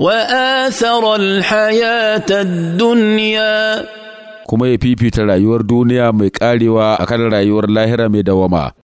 وآثر الحياة الدنيا kuma ya fifita rayuwar duniya mai karewa akan rayuwar lahira mai dawama